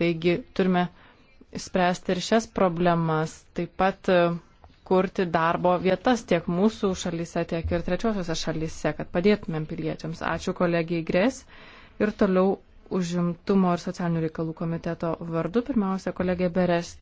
Taigi turime spręsti ir šias problemas, taip pat e, kurti darbo vietas tiek mūsų šalyse, tiek ir trečiosiuose šalyse, kad padėtumėm piliečiams. Ačiū kolegijai Grės ir toliau užimtumo ir socialinių reikalų komiteto vardu pirmiausia kolegė Beres.